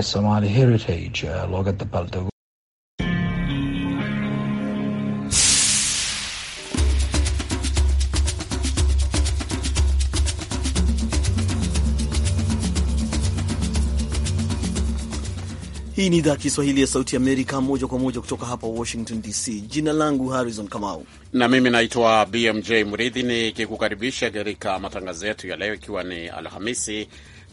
Somali Heritage, looga uh, Logat Hii ni idhaa ya Kiswahili ya Sauti Amerika, moja kwa moja kutoka hapa Washington DC. Jina langu Harrison Kamau na mimi naitwa BMJ Murithi nikikukaribisha katika matangazo yetu ya leo, ikiwa ni Alhamisi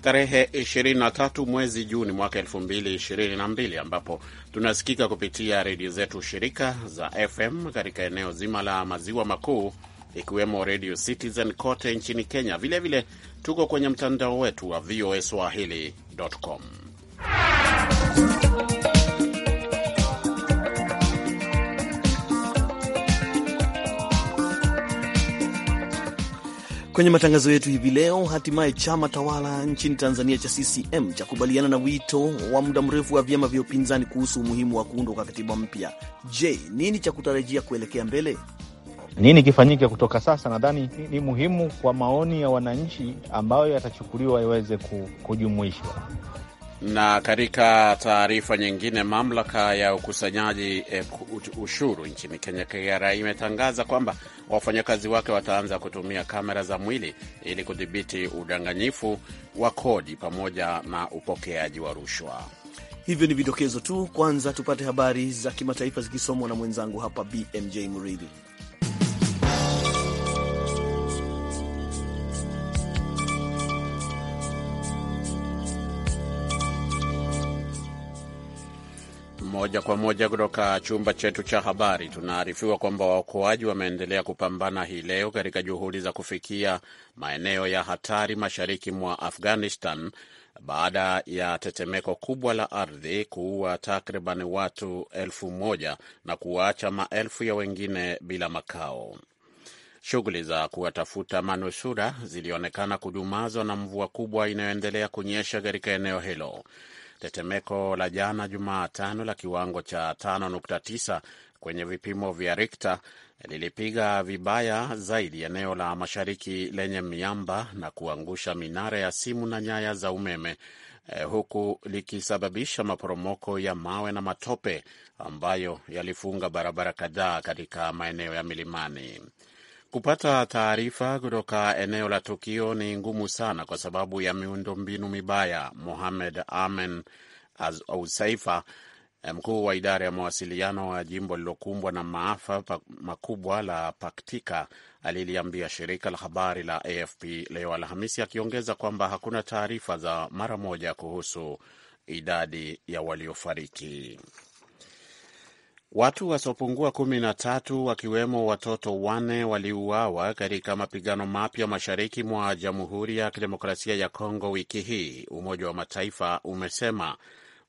tarehe 23 mwezi Juni mwaka 2022 ambapo tunasikika kupitia redio zetu shirika za FM katika eneo zima la maziwa makuu ikiwemo Radio Citizen kote nchini Kenya. Vilevile vile, tuko kwenye mtandao wetu wa voa swahili.com Kwenye matangazo yetu hivi leo, hatimaye chama tawala nchini Tanzania cha CCM cha kubaliana na wito wa muda mrefu wa vyama vya upinzani kuhusu umuhimu wa kuundwa kwa katiba mpya. Je, nini cha kutarajia kuelekea mbele? Nini kifanyike kutoka sasa? Nadhani ni muhimu kwa maoni ya wananchi ambayo yatachukuliwa iweze kujumuishwa. Na katika taarifa nyingine, mamlaka ya ukusanyaji eh, ushuru nchini Kenya, KRA, imetangaza kwamba wafanyakazi wake wataanza kutumia kamera za mwili ili kudhibiti udanganyifu wa kodi pamoja na upokeaji wa rushwa. Hivyo ni vidokezo tu. Kwanza tupate habari za kimataifa zikisomwa na mwenzangu hapa BMJ Muridhi. Moja kwa moja kutoka chumba chetu cha habari, tunaarifiwa kwamba waokoaji wameendelea kupambana hii leo katika juhudi za kufikia maeneo ya hatari mashariki mwa Afghanistan baada ya tetemeko kubwa la ardhi kuua takriban watu elfu moja na kuwaacha maelfu ya wengine bila makao. Shughuli za kuwatafuta manusura zilionekana kudumazwa na mvua kubwa inayoendelea kunyesha katika eneo hilo tetemeko la jana Jumatano la kiwango cha 5.9 kwenye vipimo vya Richter lilipiga vibaya zaidi eneo la mashariki lenye miamba na kuangusha minara ya simu na nyaya za umeme eh, huku likisababisha maporomoko ya mawe na matope ambayo yalifunga barabara kadhaa katika maeneo ya milimani. Kupata taarifa kutoka eneo la tukio ni ngumu sana kwa sababu ya miundombinu mibaya. Mohamed Amen Ausaifa, eh, mkuu wa idara ya mawasiliano wa jimbo lilokumbwa na maafa makubwa la Paktika, aliliambia shirika la habari la AFP leo Alhamisi, akiongeza kwamba hakuna taarifa za mara moja kuhusu idadi ya waliofariki. Watu wasiopungua kumi na tatu wakiwemo watoto wane waliuawa katika mapigano mapya mashariki mwa Jamhuri ya Kidemokrasia ya Kongo wiki hii, Umoja wa Mataifa umesema,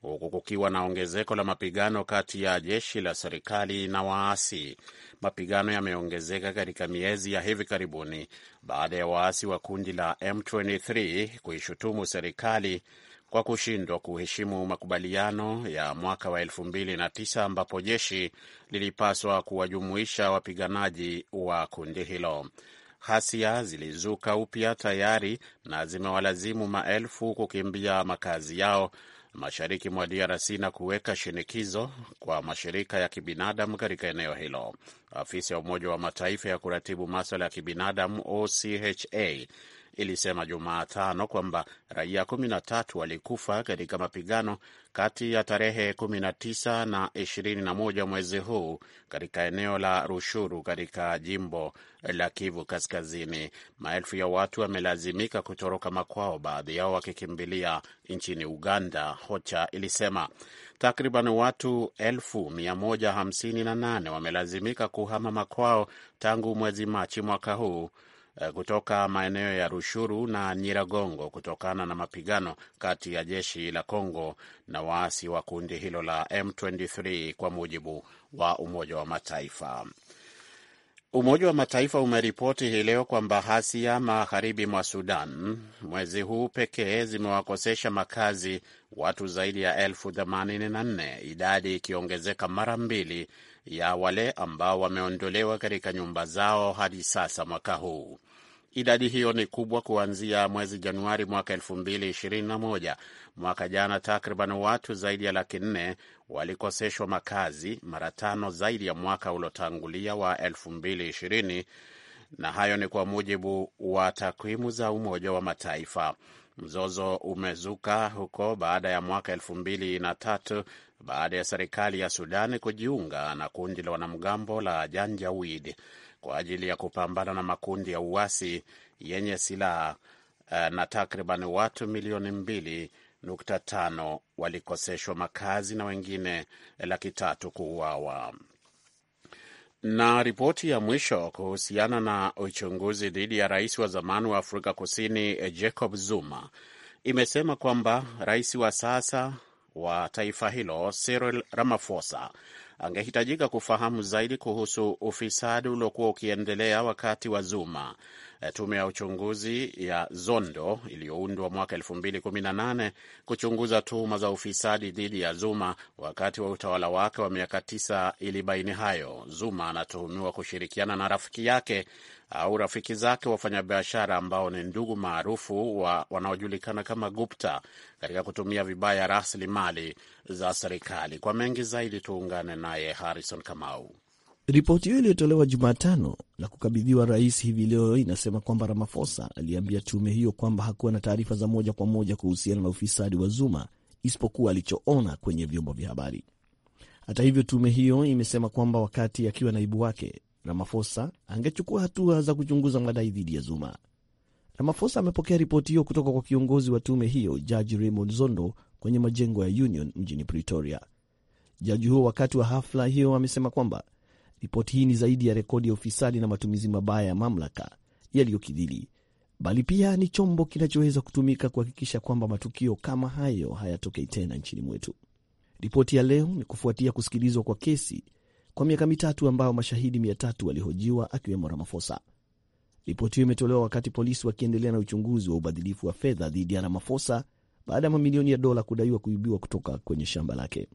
huku kukiwa na ongezeko la mapigano kati ya jeshi la serikali na waasi. Mapigano yameongezeka katika miezi ya hivi karibuni baada ya waasi wa kundi la M23 kuishutumu serikali kwa kushindwa kuheshimu makubaliano ya mwaka wa 2009 ambapo jeshi lilipaswa kuwajumuisha wapiganaji wa kundi hilo. Ghasia zilizuka upya tayari na zimewalazimu maelfu kukimbia makazi yao mashariki mwa DRC na kuweka shinikizo kwa mashirika ya kibinadamu katika eneo hilo. afisa ya Umoja wa Mataifa ya kuratibu maswala ya kibinadamu OCHA ilisema Jumatano kwamba raia 13 walikufa katika mapigano kati ya tarehe 19 na 21 mwezi huu katika eneo la Rushuru katika jimbo la Kivu Kaskazini. Maelfu ya watu wamelazimika kutoroka makwao, baadhi yao wakikimbilia nchini Uganda, Hocha ilisema. Takriban watu 158 wamelazimika kuhama makwao tangu mwezi Machi mwaka huu Eh, kutoka maeneo ya Rushuru na Nyiragongo kutokana na mapigano kati ya jeshi la congo na waasi wa kundi hilo la M23 kwa mujibu wa Umoja wa Mataifa. Umoja wa Mataifa umeripoti hii leo kwamba hasia magharibi mwa Sudan mwezi huu pekee zimewakosesha makazi watu zaidi ya elfu themanini na nne, idadi ikiongezeka mara mbili ya wale ambao wameondolewa katika nyumba zao hadi sasa mwaka huu. Idadi hiyo ni kubwa kuanzia mwezi Januari mwaka 2021. Mwaka jana takriban watu zaidi ya laki nne walikoseshwa makazi, mara tano zaidi ya mwaka uliotangulia wa 2020, na hayo ni kwa mujibu wa takwimu za Umoja wa Mataifa. Mzozo umezuka huko baada ya mwaka elfu mbili na tatu baada ya serikali ya Sudani kujiunga na kundi la wanamgambo la Janjawid kwa ajili ya kupambana na makundi ya uasi yenye silaha eh, na takriban watu milioni mbili nukta tano walikoseshwa makazi na wengine laki tatu kuuawa. Na ripoti ya mwisho kuhusiana na uchunguzi dhidi ya rais wa zamani wa Afrika Kusini eh, Jacob Zuma imesema kwamba rais wa sasa wa taifa hilo Cyril Ramaphosa angehitajika kufahamu zaidi kuhusu ufisadi uliokuwa ukiendelea wakati wa Zuma. E, tume ya uchunguzi ya Zondo iliyoundwa mwaka 2018 kuchunguza tuhuma za ufisadi dhidi ya Zuma wakati wa utawala wake wa miaka tisa ilibaini hayo. Zuma anatuhumiwa kushirikiana na rafiki yake au rafiki zake wafanyabiashara ambao ni ndugu maarufu wa wanaojulikana kama Gupta katika kutumia vibaya rasilimali za serikali. Kwa mengi zaidi, tuungane naye Harrison Kamau. Ripoti hiyo iliyotolewa Jumatano na kukabidhiwa rais hivi leo inasema kwamba ramafosa aliambia tume hiyo kwamba hakuwa na taarifa za moja kwa moja kuhusiana na ufisadi wa Zuma isipokuwa alichoona kwenye vyombo vya habari. Hata hivyo, tume hiyo imesema kwamba wakati akiwa naibu wake ramafosa angechukua hatua za kuchunguza madai dhidi ya Zuma. ramafosa amepokea ripoti hiyo kutoka kwa kiongozi wa tume hiyo Jaji Raymond Zondo kwenye majengo ya Union mjini Pretoria. Jaji huo wakati wa hafla hiyo amesema kwamba ripoti hii ni zaidi ya rekodi ya ufisadi na matumizi mabaya ya mamlaka yaliyokidhili bali pia ni chombo kinachoweza kutumika kuhakikisha kwamba matukio kama hayo hayatokei tena nchini mwetu. Ripoti ya leo ni kufuatia kusikilizwa kwa kesi kwa miaka mitatu ambao mashahidi mia tatu walihojiwa akiwemo Ramafosa. Ripoti hiyo imetolewa wakati polisi wakiendelea na uchunguzi wa ubadhilifu wa fedha dhidi ya Ramafosa baada ya mamilioni ya dola kudaiwa kuibiwa kutoka kwenye shamba lake.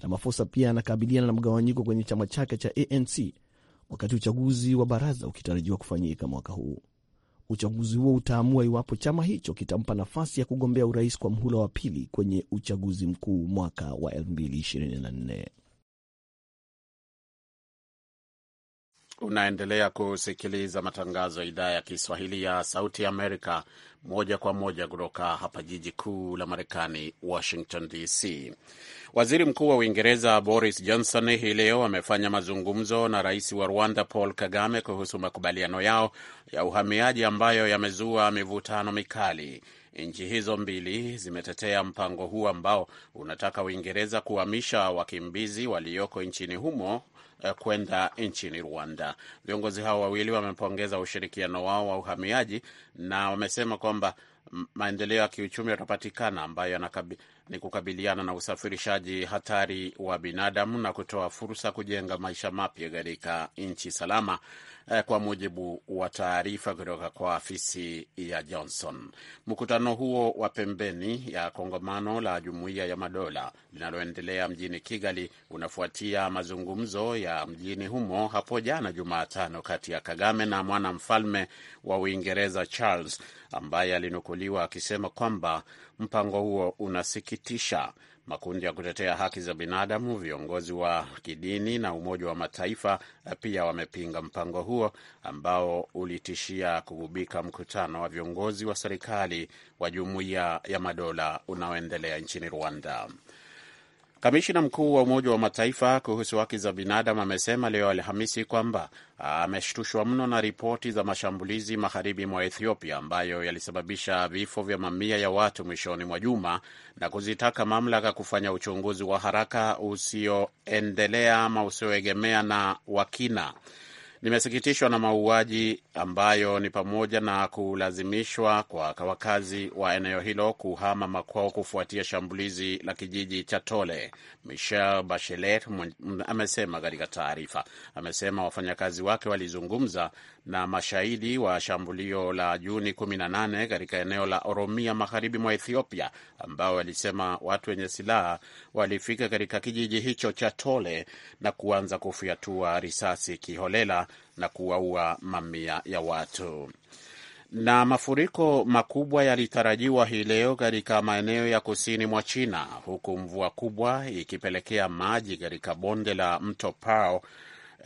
Ramafosa pia anakabiliana na mgawanyiko kwenye chama chake cha ANC wakati uchaguzi wa baraza ukitarajiwa kufanyika mwaka huu. Uchaguzi huo utaamua iwapo chama hicho kitampa nafasi ya kugombea urais kwa mhula wa pili kwenye uchaguzi mkuu mwaka wa 2024. Unaendelea kusikiliza matangazo ya idhaa ya Kiswahili ya Sauti ya Amerika moja kwa moja kutoka hapa jiji kuu la Marekani, Washington DC. Waziri Mkuu wa Uingereza Boris Johnson hii leo amefanya mazungumzo na rais wa Rwanda Paul Kagame kuhusu makubaliano yao ya uhamiaji ambayo yamezua mivutano mikali. Nchi hizo mbili zimetetea mpango huu ambao unataka Uingereza kuhamisha wakimbizi walioko nchini humo Eh, kwenda nchini Rwanda. Viongozi hao wawili wamepongeza ushirikiano wao wa uhamiaji na wamesema kwamba maendeleo ya kiuchumi yatapatikana ambayo ni kukabiliana na usafirishaji hatari wa binadamu na kutoa fursa kujenga maisha mapya katika nchi salama, eh, kwa mujibu wa taarifa kutoka kwa afisi ya Johnson. Mkutano huo wa pembeni ya kongamano la Jumuiya ya Madola linaloendelea mjini Kigali unafuatia mazungumzo ya mjini humo hapo jana Jumatano kati ya Kagame na mwanamfalme wa Uingereza Charles ambaye alinukuliwa akisema kwamba mpango huo unasikitisha. Makundi ya kutetea haki za binadamu, viongozi wa kidini na Umoja wa Mataifa pia wamepinga mpango huo ambao ulitishia kugubika mkutano wa viongozi wa serikali wa Jumuiya ya Madola unaoendelea nchini Rwanda. Kamishina mkuu wa Umoja wa Mataifa kuhusu haki za binadamu amesema leo Alhamisi kwamba ameshtushwa mno na ripoti za mashambulizi magharibi mwa Ethiopia ambayo yalisababisha vifo vya mamia ya watu mwishoni mwa juma na kuzitaka mamlaka kufanya uchunguzi wa haraka usioendelea ama usioegemea na wakina limesikitishwa na mauaji ambayo ni pamoja na kulazimishwa kwa wakazi wa eneo hilo kuhama makwao kufuatia shambulizi la kijiji cha Tole. Michel Bachelet amesema katika taarifa, amesema wafanyakazi wake walizungumza na mashahidi wa shambulio la Juni 18 katika eneo la Oromia magharibi mwa Ethiopia, ambao walisema watu wenye silaha walifika katika kijiji hicho cha Tole na kuanza kufyatua risasi kiholela na kuwaua mamia ya watu. Na mafuriko makubwa yalitarajiwa hii leo katika maeneo ya kusini mwa China, huku mvua kubwa ikipelekea maji katika bonde la mto Pao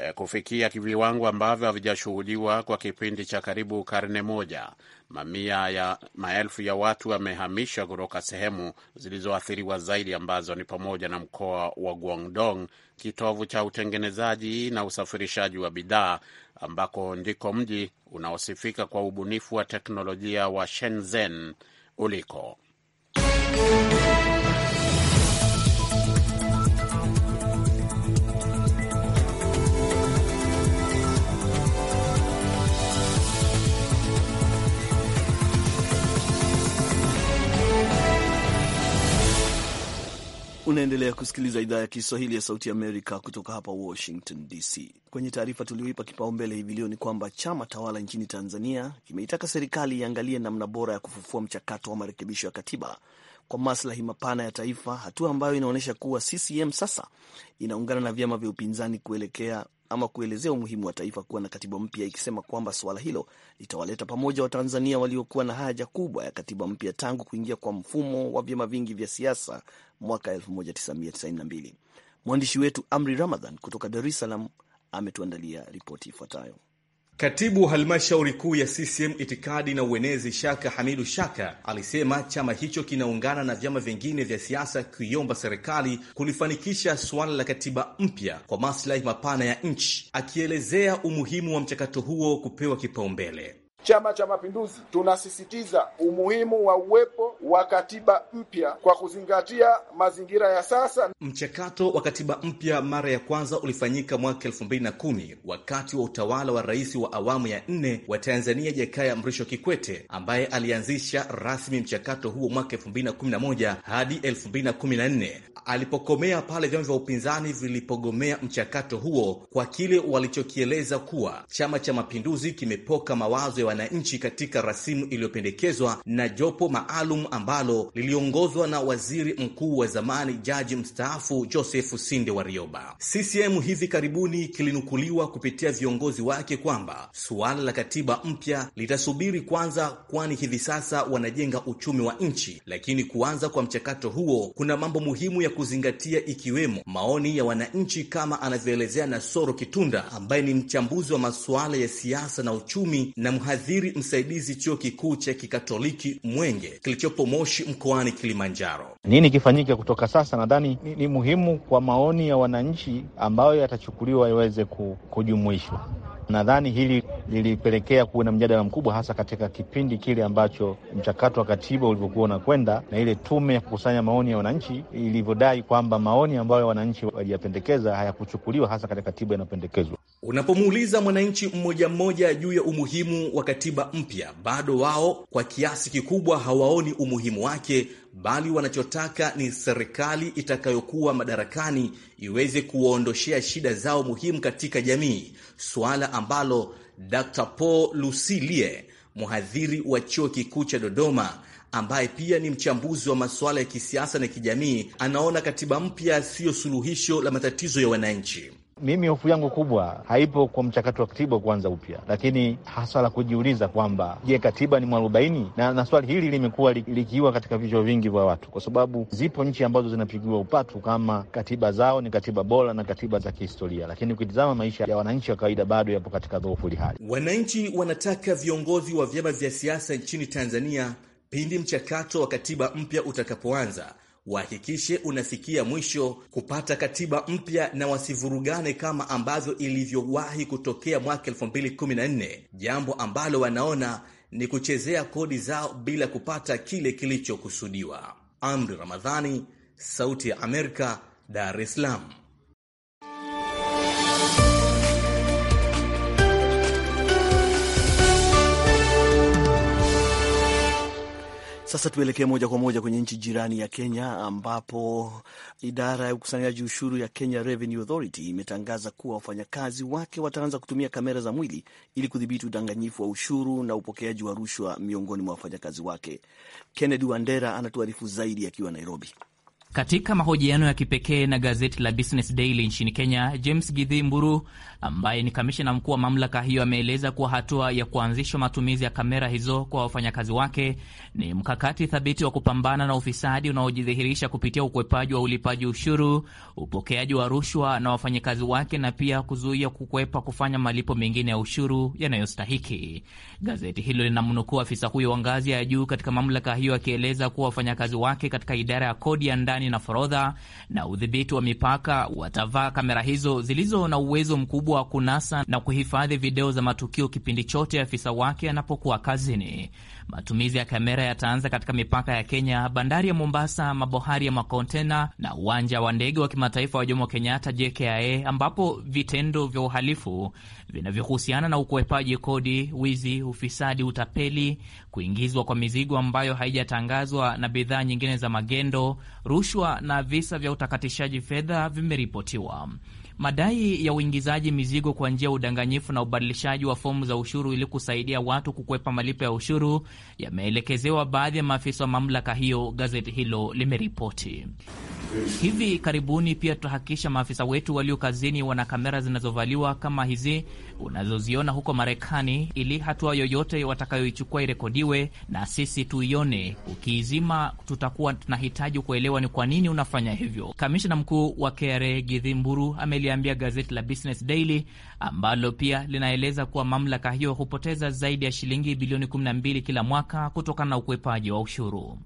Eh, kufikia viwango ambavyo havijashuhudiwa kwa kipindi cha karibu karne moja. Mamia ya maelfu ya watu wamehamishwa kutoka sehemu zilizoathiriwa zaidi ambazo ni pamoja na mkoa wa Guangdong, kitovu cha utengenezaji na usafirishaji wa bidhaa, ambako ndiko mji unaosifika kwa ubunifu wa teknolojia wa Shenzhen uliko Unaendelea kusikiliza idhaa ya Kiswahili ya Sauti Amerika kutoka hapa Washington DC. Kwenye taarifa tulioipa kipaumbele hivi leo ni kwamba chama tawala nchini Tanzania kimeitaka serikali iangalie namna bora ya kufufua mchakato wa marekebisho ya katiba kwa maslahi mapana ya taifa, hatua ambayo inaonyesha kuwa CCM sasa inaungana na vyama vya upinzani kuelekea ama kuelezea umuhimu wa taifa kuwa na katiba mpya, ikisema kwamba suala hilo litawaleta pamoja Watanzania waliokuwa na haja kubwa ya katiba mpya tangu kuingia kwa mfumo wa vyama vingi vya siasa mwaka 1992. Mwandishi wetu Amri Ramadhan kutoka Dar es Salaam ametuandalia ripoti ifuatayo. Katibu halmashauri kuu ya CCM itikadi na uenezi, Shaka Hamidu Shaka, alisema chama hicho kinaungana na vyama vingine vya siasa kuiomba serikali kulifanikisha suala la katiba mpya kwa maslahi mapana ya nchi, akielezea umuhimu wa mchakato huo kupewa kipaumbele. Chama cha Mapinduzi tunasisitiza umuhimu wa uwepo wa katiba mpya kwa kuzingatia mazingira ya sasa. Mchakato wa katiba mpya mara ya kwanza ulifanyika mwaka elfu mbili na kumi wakati wa utawala wa rais wa awamu ya nne wa Tanzania Jakaya Mrisho Kikwete, ambaye alianzisha rasmi mchakato huo mwaka elfu mbili na kumi na moja hadi elfu mbili na kumi na nne alipokomea pale vyama vya upinzani vilipogomea mchakato huo kwa kile walichokieleza kuwa Chama cha Mapinduzi kimepoka mawazo wananchi katika rasimu iliyopendekezwa na jopo maalum ambalo liliongozwa na waziri mkuu wa zamani jaji mstaafu Joseph Sinde Warioba. CCM hivi karibuni kilinukuliwa kupitia viongozi wake kwamba suala la katiba mpya litasubiri kwanza, kwani hivi sasa wanajenga uchumi wa nchi, lakini kuanza kwa mchakato huo kuna mambo muhimu ya kuzingatia, ikiwemo maoni ya wananchi, kama anavyoelezea Nasoro Kitunda ambaye ni mchambuzi wa masuala ya siasa na uchumi na mhadhiri msaidizi chuo kikuu cha kikatoliki Mwenge kilichopo Moshi mkoani Kilimanjaro. Nini kifanyike kutoka sasa? Nadhani ni, ni muhimu kwa maoni ya wananchi ambayo yatachukuliwa iweze kujumuishwa. Nadhani hili lilipelekea kuwe na mjadala mkubwa, hasa katika kipindi kile ambacho mchakato wa katiba ulivyokuwa unakwenda na ile tume ya kukusanya maoni ya wananchi ilivyodai kwamba maoni ambayo wananchi waliyapendekeza hayakuchukuliwa hasa katika katiba inayopendekezwa. Unapomuuliza mwananchi mmoja mmoja juu ya umuhimu wa katiba mpya, bado wao kwa kiasi kikubwa hawaoni umuhimu wake bali wanachotaka ni serikali itakayokuwa madarakani iweze kuwaondoshea shida zao muhimu katika jamii, suala ambalo Dr. Paul Lusilie, mhadhiri wa chuo kikuu cha Dodoma ambaye pia ni mchambuzi wa masuala ya kisiasa na kijamii, anaona katiba mpya siyo suluhisho la matatizo ya wananchi. Mimi hofu yangu kubwa haipo kwa mchakato wa katiba kuanza upya, lakini haswa la kujiuliza kwamba je, katiba ni mwarobaini? Na, na swali hili limekuwa likiwa katika vichwa vingi vya watu, kwa sababu zipo nchi ambazo zinapigiwa upatu kama katiba zao ni katiba bora na katiba za kihistoria, lakini ukitizama maisha ya wananchi wa kawaida bado yapo katika dhoofu hali. Wananchi wanataka viongozi wa vyama vya siasa nchini Tanzania pindi mchakato wa katiba mpya utakapoanza wahakikishe unafikia mwisho kupata katiba mpya na wasivurugane kama ambavyo ilivyowahi kutokea mwaka 2014, jambo ambalo wanaona ni kuchezea kodi zao bila kupata kile kilichokusudiwa. Amri Ramadhani, Sauti ya Amerika, Dar es Salaam. Sasa tuelekee moja kwa moja kwenye nchi jirani ya Kenya, ambapo idara ya ukusanyaji ushuru ya Kenya Revenue Authority imetangaza kuwa wafanyakazi wake wataanza kutumia kamera za mwili ili kudhibiti udanganyifu wa ushuru na upokeaji wa rushwa miongoni mwa wafanyakazi wake. Kennedy Wandera anatuarifu zaidi akiwa Nairobi. Katika mahojiano ya kipekee na gazeti la Business Daily nchini Kenya, James Githui Mburu ambaye ni kamishina mkuu wa mamlaka hiyo ameeleza kuwa hatua ya kuanzishwa matumizi ya kamera hizo kwa wafanyakazi wake ni mkakati thabiti wa kupambana na ufisadi unaojidhihirisha kupitia ukwepaji wa ulipaji ushuru, upokeaji wa rushwa na wafanyakazi wake, na pia kuzuia kukwepa kufanya malipo mengine ya ushuru yanayostahiki. Gazeti hilo linamnukuu afisa huyo wa ngazi ya juu katika mamlaka hiyo akieleza kuwa wafanyakazi wake katika idara ya kodi ya ndani burudani na forodha na udhibiti wa mipaka watavaa kamera hizo zilizo na uwezo mkubwa wa kunasa na kuhifadhi video za matukio kipindi chote afisa wake anapokuwa kazini. Matumizi ya kamera yataanza katika mipaka ya Kenya, bandari ya Mombasa, mabohari ya makontena na uwanja wa ndege wa kimataifa wa Jomo Kenyatta JKIA, ambapo vitendo vya uhalifu vinavyohusiana na ukwepaji kodi, wizi, ufisadi, utapeli, kuingizwa kwa mizigo ambayo haijatangazwa na bidhaa nyingine za magendo, rushwa na visa vya utakatishaji fedha vimeripotiwa. Madai ya uingizaji mizigo kwa njia ya udanganyifu na ubadilishaji wa fomu za ushuru ili kusaidia watu kukwepa malipo ya ushuru yameelekezewa baadhi ya maafisa wa mamlaka hiyo, gazeti hilo limeripoti. Hivi karibuni pia tutahakikisha maafisa wetu walio kazini wana kamera zinazovaliwa kama hizi unazoziona huko Marekani, ili hatua yoyote watakayoichukua irekodiwe na sisi tuione. Ukiizima, tutakuwa tunahitaji kuelewa ni kwa nini unafanya hivyo. Kamishna mkuu wa KRA Githi ameliambia gazeti la Business Daily ambalo pia linaeleza kuwa mamlaka hiyo hupoteza zaidi ya shilingi bilioni 12 kila mwaka kutokana na ukwepaji wa ushuru.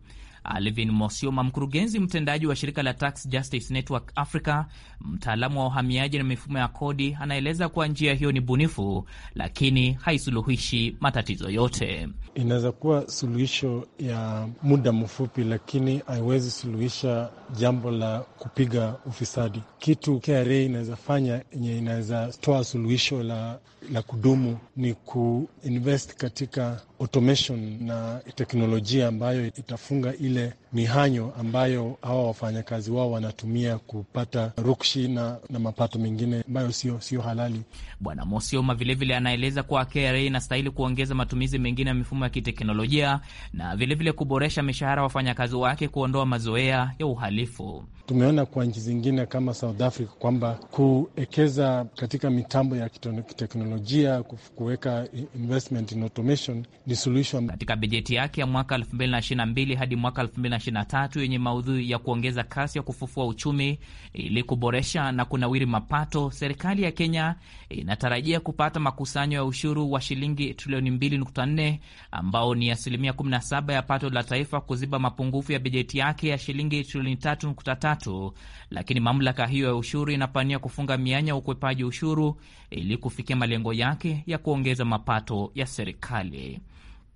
Alvin uh, Mosioma, mkurugenzi mtendaji wa shirika la Tax Justice Network Africa, mtaalamu wa uhamiaji na mifumo ya kodi, anaeleza kuwa njia hiyo ni bunifu, lakini haisuluhishi matatizo yote. Inaweza kuwa suluhisho ya muda mfupi, lakini haiwezi suluhisha jambo la kupiga ufisadi. Kitu KRA inaweza fanya yenye inaweza toa suluhisho la, la kudumu ni kuinvest katika automation na teknolojia ambayo itafunga ile mihanyo ambayo hawa wafanyakazi wao wanatumia kupata rukshi na, na mapato mengine ambayo sio sio halali. Bwana Mosioma vilevile anaeleza kuwa KRA inastahili kuongeza matumizi mengine ya mifumo ya kiteknolojia na vilevile vile kuboresha mishahara wafanyakazi wake, kuondoa mazoea ya uhalifu. Tumeona kwa nchi zingine kama South Africa kwamba kuwekeza katika mitambo ya kiteknolojia, kuweka investment in automation ni solution. Katika bajeti yake ya mwaka 2022 hadi mwaka 2023 yenye maudhui ya kuongeza kasi ya kufufua uchumi ili kuboresha na kunawiri mapato, serikali ya Kenya inatarajia kupata makusanyo ya ushuru wa shilingi trilioni 2.4 ambao ni asilimia 17 ya pato la taifa, kuziba mapungufu ya bajeti yake ya shilingi trilioni 3.3, lakini mamlaka hiyo ya ushuru inapania kufunga mianya ya ukwepaji ushuru ili kufikia malengo yake ya kuongeza mapato ya serikali.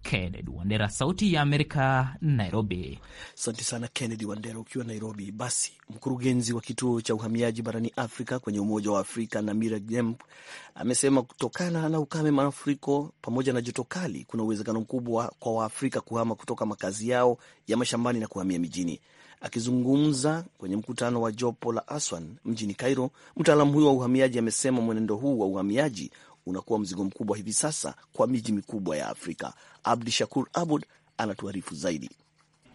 Kennedy Wandera, Sauti ya Amerika, Nairobi. Asante sana Kennedy Wandera ukiwa Nairobi. Basi mkurugenzi wa kituo cha uhamiaji barani Afrika kwenye Umoja wa Afrika Namira Gemp amesema kutokana na ukame, mafuriko pamoja na joto kali, kuna uwezekano mkubwa kwa Waafrika kuhama kutoka makazi yao ya mashambani na kuhamia mijini. Akizungumza kwenye mkutano wa jopo la ASWAN mjini Cairo, mtaalamu huyo wa uhamiaji amesema mwenendo huu wa uhamiaji unakuwa mzigo mkubwa hivi sasa kwa miji mikubwa ya Afrika. Abdi Shakur Abud anatuarifu zaidi.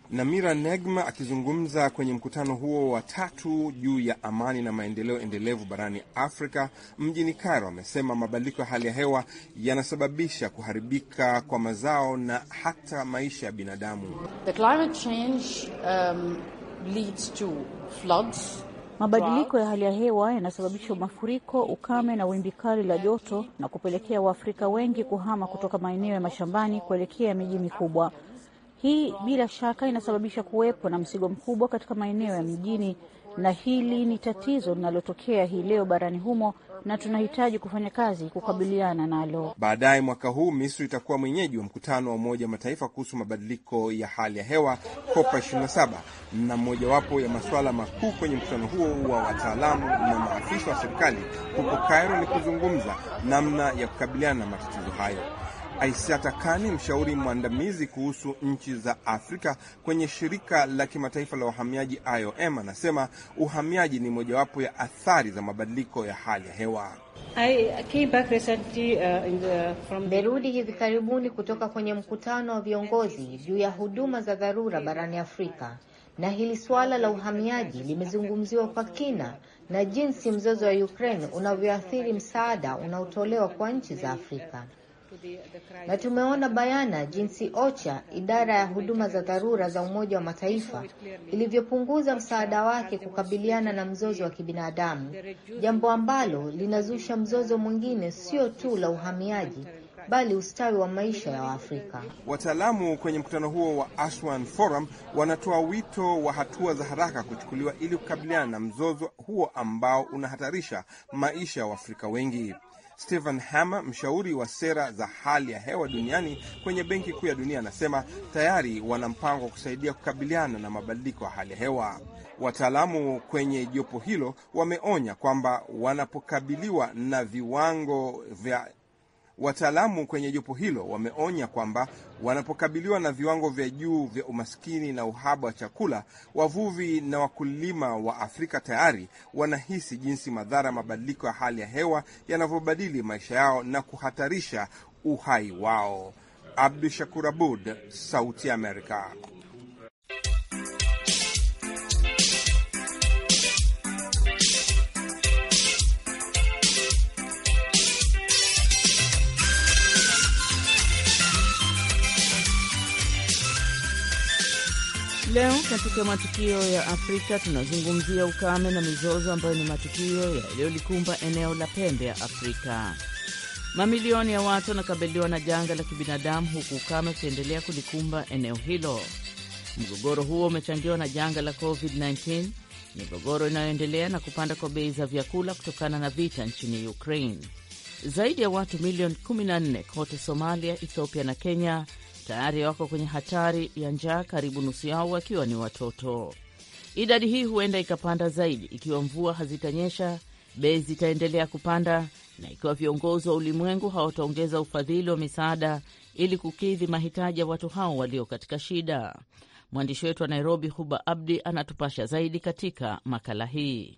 Namira Negma akizungumza kwenye mkutano huo wa tatu juu ya amani na maendeleo endelevu barani Afrika mjini Cairo amesema mabadiliko ya hali ya hewa yanasababisha kuharibika kwa mazao na hata maisha ya binadamu. The climate change, um, leads to floods. Mabadiliko ya hali ya hewa yanasababisha mafuriko, ukame na wimbi kali la joto na kupelekea Waafrika wengi kuhama kutoka maeneo ya mashambani kuelekea miji mikubwa. Hii bila shaka inasababisha kuwepo na mzigo mkubwa katika maeneo ya mijini na hili ni tatizo linalotokea hii leo barani humo na tunahitaji kufanya kazi kukabiliana nalo. Baadaye mwaka huu Misri itakuwa mwenyeji wa mkutano wa Umoja wa Mataifa kuhusu mabadiliko ya hali ya hewa COP 27 na mojawapo ya masuala makuu kwenye mkutano huo wa wataalamu na maafisa wa serikali huko kairo ni kuzungumza namna ya kukabiliana na matatizo hayo. Aisata Kani, mshauri mwandamizi kuhusu nchi za Afrika kwenye shirika la kimataifa la uhamiaji IOM, anasema uhamiaji ni mojawapo ya athari za mabadiliko ya hali ya hewa. Uh, Nimerudi uh, hivi karibuni kutoka kwenye mkutano wa viongozi juu ya huduma za dharura barani Afrika, na hili suala la uhamiaji limezungumziwa kwa kina na jinsi mzozo wa Ukraine unavyoathiri msaada unaotolewa kwa nchi za Afrika na tumeona bayana jinsi OCHA, idara ya huduma za dharura za Umoja wa Mataifa, ilivyopunguza msaada wake kukabiliana na mzozo wa kibinadamu, jambo ambalo linazusha mzozo mwingine, sio tu la uhamiaji, bali ustawi wa maisha ya Waafrika. Wataalamu kwenye mkutano huo wa Aswan Forum wanatoa wito wa hatua za haraka kuchukuliwa ili kukabiliana na mzozo huo ambao unahatarisha maisha ya Waafrika wengi. Stephen Hammer, mshauri wa sera za hali ya hewa duniani kwenye Benki Kuu ya Dunia, anasema tayari wana mpango wa kusaidia kukabiliana na mabadiliko ya hali ya hewa. Wataalamu kwenye jopo hilo wameonya kwamba wanapokabiliwa na viwango vya Wataalamu kwenye jopo hilo wameonya kwamba wanapokabiliwa na viwango vya juu vya umaskini na uhaba wa chakula, wavuvi na wakulima wa Afrika tayari wanahisi jinsi madhara ya mabadiliko ya hali ya hewa yanavyobadili maisha yao na kuhatarisha uhai wao. Abdu Shakur Abud, Sauti ya Amerika. Leo katika matukio ya Afrika tunazungumzia ukame na mizozo ambayo ni matukio yaliyolikumba eneo la pembe ya Afrika. Mamilioni ya watu wanakabiliwa na janga la kibinadamu, huku ukame ukiendelea kulikumba eneo hilo. Mgogoro huo umechangiwa na janga la COVID-19, migogoro inayoendelea na kupanda kwa bei za vyakula kutokana na vita nchini Ukraine. Zaidi ya watu milioni 14 kote Somalia, Ethiopia na Kenya tayari wako kwenye hatari ya njaa, karibu nusu yao wakiwa ni watoto. Idadi hii huenda ikapanda zaidi ikiwa mvua hazitanyesha, bei zitaendelea kupanda, na ikiwa viongozi wa ulimwengu hawataongeza ufadhili wa misaada ili kukidhi mahitaji ya watu hao walio katika shida. Mwandishi wetu wa Nairobi, Huba Abdi, anatupasha zaidi katika makala hii.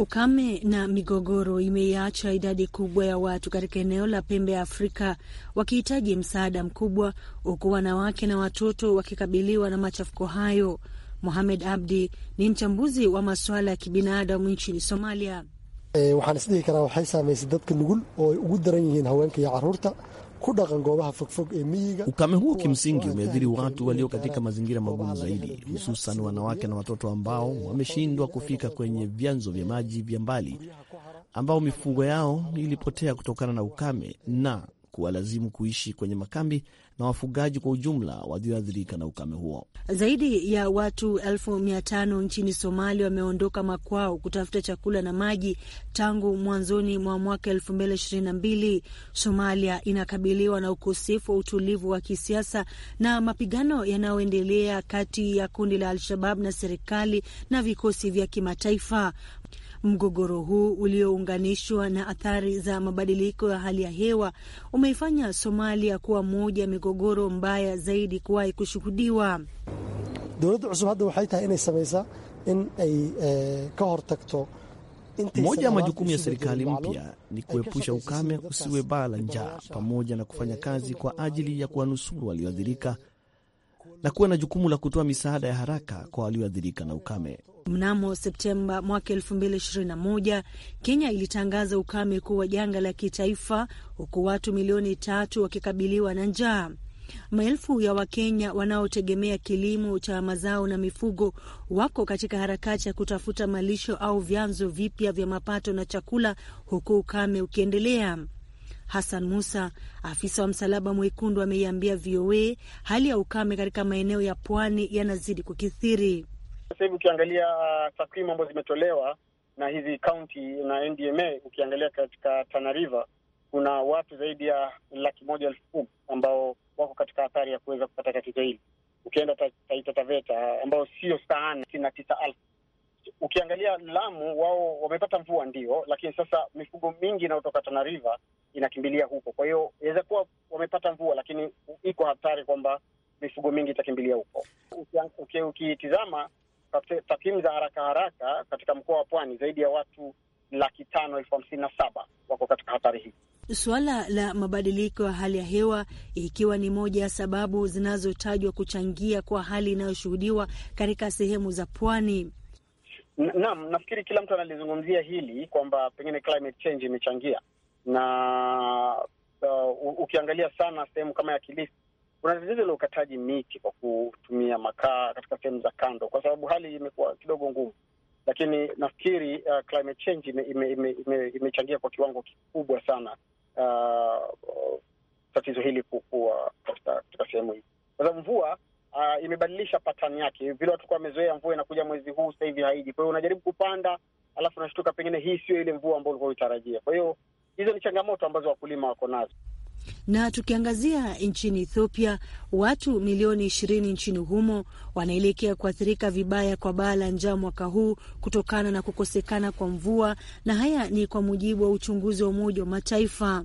Ukame na migogoro imeiacha idadi kubwa ya watu katika eneo la pembe ya Afrika wakihitaji msaada mkubwa, huku wanawake na watoto wakikabiliwa na machafuko hayo. Mohamed Abdi ni mchambuzi wa masuala ya kibinadamu nchini Somalia. E, waxaan isdhihi karaa waxay saamaysay dadka nugul oo ay ugu daran yihiin haweenka iyo caruurta ku dhaqan goobaha fogfog ee miyiga. Ukame huo kimsingi umeathiri watu walio katika mazingira magumu zaidi, hususan wanawake na watoto ambao wameshindwa kufika kwenye vyanzo vya maji vya mbali, ambao mifugo yao ilipotea kutokana na ukame na kuwalazimu kuishi kwenye makambi na wafugaji kwa ujumla walioathirika na ukame huo. Zaidi ya watu elfu mia tano nchini Somalia wameondoka makwao kutafuta chakula na maji tangu mwanzoni mwa mwaka elfu mbili ishirini na mbili. Somalia inakabiliwa na ukosefu wa utulivu wa kisiasa na mapigano yanayoendelea kati ya kundi la Al-Shabab na serikali na vikosi vya kimataifa. Mgogoro huu uliounganishwa na athari za mabadiliko ya hali ya hewa umeifanya Somalia kuwa moja ya migogoro mbaya zaidi kuwahi kushuhudiwa. Dowladda cusub hadda waxay tahay inay samaysaa in ay eh, ka hortagto moja ya majukumu ya serikali mpya ni kuepusha ukame usiwe baa la njaa, pamoja na kufanya kazi kwa ajili ya kuwanusuru walioathirika na kuwa na jukumu la kutoa misaada ya haraka kwa walioathirika na ukame. Mnamo Septemba mwaka 2021 Kenya ilitangaza ukame kuwa janga la kitaifa, huku watu milioni tatu wakikabiliwa na njaa. Maelfu ya Wakenya wanaotegemea kilimo cha mazao na mifugo wako katika harakati ya kutafuta malisho au vyanzo vipya vya mapato na chakula, huku ukame ukiendelea. Hassan Musa, afisa wa Msalaba Mwekundu, ameiambia VOA hali ya ukame katika maeneo ya pwani yanazidi kukithiri. Sasa hivi ukiangalia uh, takwimu ambazo zimetolewa na hizi kaunti na NDMA, ukiangalia katika Tana River kuna watu zaidi ya laki moja elfu kumi ambao wako katika hathari ya kuweza kupata tatizo hili. Ukienda Taita Taveta uh, ambao sio sana sitini na tisa elfu ukiangalia Lamu wao wamepata mvua ndio, lakini sasa mifugo mingi inayotoka Tana River inakimbilia huko. Kwa hiyo inaweza kuwa wamepata mvua, lakini iko hatari kwamba mifugo mingi itakimbilia huko. Ukitizama takwimu za haraka haraka, katika mkoa wa Pwani zaidi ya watu laki tano elfu hamsini na saba wako katika hatari hii. Suala la mabadiliko ya hali ya hewa ikiwa ni moja ya sababu zinazotajwa kuchangia kwa hali inayoshuhudiwa katika sehemu za pwani. Naam, nafikiri kila mtu analizungumzia hili kwamba pengine climate change imechangia na uh, ukiangalia sana sehemu kama ya Kilifi kuna tatizo la ukataji miti kwa kutumia makaa katika sehemu za kando, kwa sababu hali imekuwa kidogo ngumu, lakini nafikiri uh, climate change imechangia ime, ime, ime kwa kiwango kikubwa sana uh, tatizo hili kukua katika sehemu hii, kwa sababu mvua uh, imebadilisha patani yake, vile watu kuwa wamezoea mvua inakuja mwezi huu, sasa hivi haiji. Kwa hiyo unajaribu kupanda, alafu unashtuka pengine hii sio ile mvua ambayo ulikuwa uitarajia. Kwa hiyo hizo ni changamoto ambazo wakulima wako nazo na tukiangazia nchini Ethiopia, watu milioni ishirini nchini humo wanaelekea kuathirika vibaya kwa baa la njaa mwaka huu kutokana na kukosekana kwa mvua, na haya ni kwa mujibu wa uchunguzi wa Umoja wa Mataifa.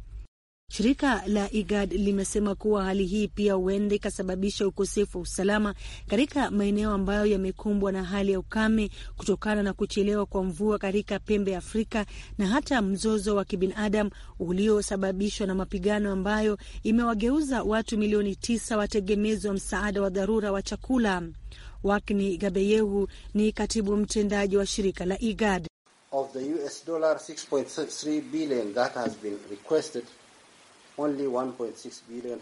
Shirika la IGAD limesema kuwa hali hii pia huenda ikasababisha ukosefu wa usalama katika maeneo ambayo yamekumbwa na hali ya ukame kutokana na kuchelewa kwa mvua katika pembe ya Afrika na hata mzozo wa kibinadamu uliosababishwa na mapigano ambayo imewageuza watu milioni tisa wategemezi wa msaada wa dharura wa chakula. Wakni Gabeyehu ni katibu mtendaji wa shirika la IGAD. Of the US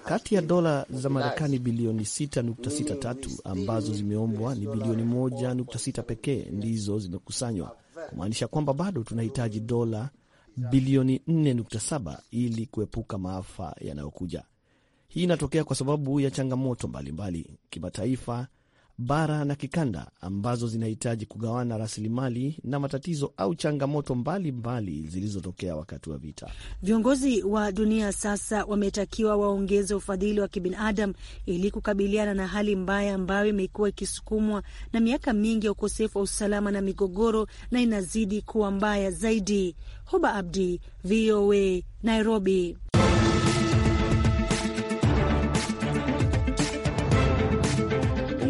kati ya dola za Marekani bilioni 6.63 ambazo zimeombwa ni bilioni 1.6 pekee ndizo zimekusanywa, kumaanisha kwamba bado tunahitaji dola bilioni 4.7 ili kuepuka maafa yanayokuja. Hii inatokea kwa sababu ya changamoto mbalimbali mbali, kimataifa bara na kikanda ambazo zinahitaji kugawana rasilimali na matatizo au changamoto mbalimbali zilizotokea wakati wa vita. Viongozi wa dunia sasa wametakiwa waongeze ufadhili wa kibinadamu ili kukabiliana na hali mbaya ambayo imekuwa ikisukumwa na miaka mingi ya ukosefu wa usalama na migogoro, na inazidi kuwa mbaya zaidi. Hoba Abdi, VOA, Nairobi.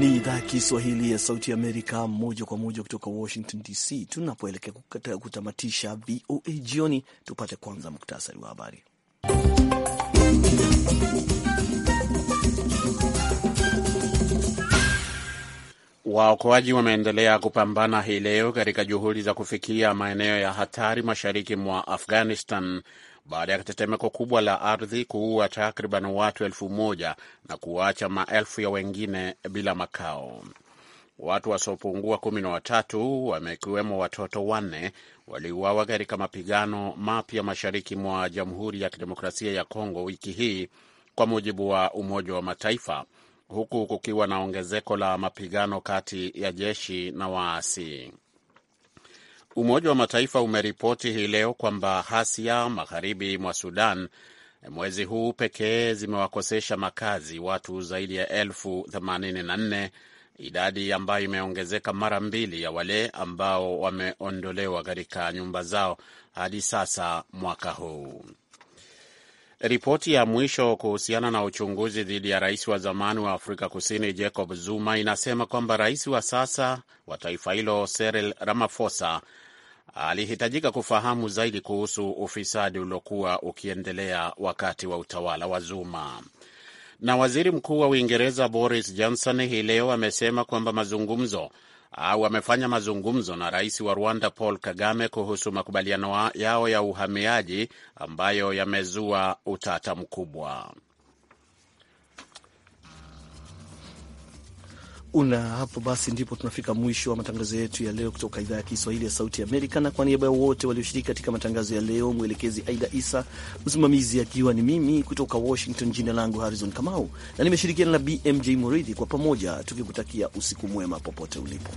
Ni idhaa ya Kiswahili ya Sauti ya Amerika, moja kwa moja kutoka Washington DC, tunapoelekea kutamatisha VOA jioni. Tupate kwanza muktasari wa habari. Waokoaji wameendelea kupambana hii leo katika juhudi za kufikia maeneo ya hatari mashariki mwa Afghanistan baada ya tetemeko kubwa la ardhi kuua takriban watu elfu moja na kuwaacha maelfu ya wengine bila makao. Watu wasiopungua kumi na watatu wamekiwemo watoto wanne waliuawa katika mapigano mapya mashariki mwa Jamhuri ya Kidemokrasia ya Kongo wiki hii kwa mujibu wa Umoja wa Mataifa, huku kukiwa na ongezeko la mapigano kati ya jeshi na waasi. Umoja wa Mataifa umeripoti hii leo kwamba ghasia magharibi mwa Sudan mwezi huu pekee zimewakosesha makazi watu zaidi ya elfu idadi ambayo imeongezeka mara mbili ya wale ambao wameondolewa katika nyumba zao hadi sasa mwaka huu. Ripoti ya mwisho kuhusiana na uchunguzi dhidi ya rais wa zamani wa Afrika Kusini Jacob Zuma inasema kwamba rais wa sasa wa taifa hilo Cyril Ramaphosa alihitajika kufahamu zaidi kuhusu ufisadi uliokuwa ukiendelea wakati wa utawala wa Zuma. Na waziri mkuu wa Uingereza Boris Johnson hii leo amesema kwamba mazungumzo au amefanya mazungumzo na rais wa Rwanda Paul Kagame kuhusu makubaliano yao ya uhamiaji ambayo yamezua utata mkubwa. una hapo basi, ndipo tunafika mwisho wa matangazo yetu ya leo kutoka idhaa ya Kiswahili ya Sauti Amerika. Na kwa niaba ya wote walioshiriki katika matangazo ya leo, mwelekezi Aida Isa, msimamizi akiwa ni mimi kutoka Washington, jina langu Harrison Kamau na nimeshirikiana na BMJ Muridhi, kwa pamoja tukikutakia usiku mwema popote ulipo.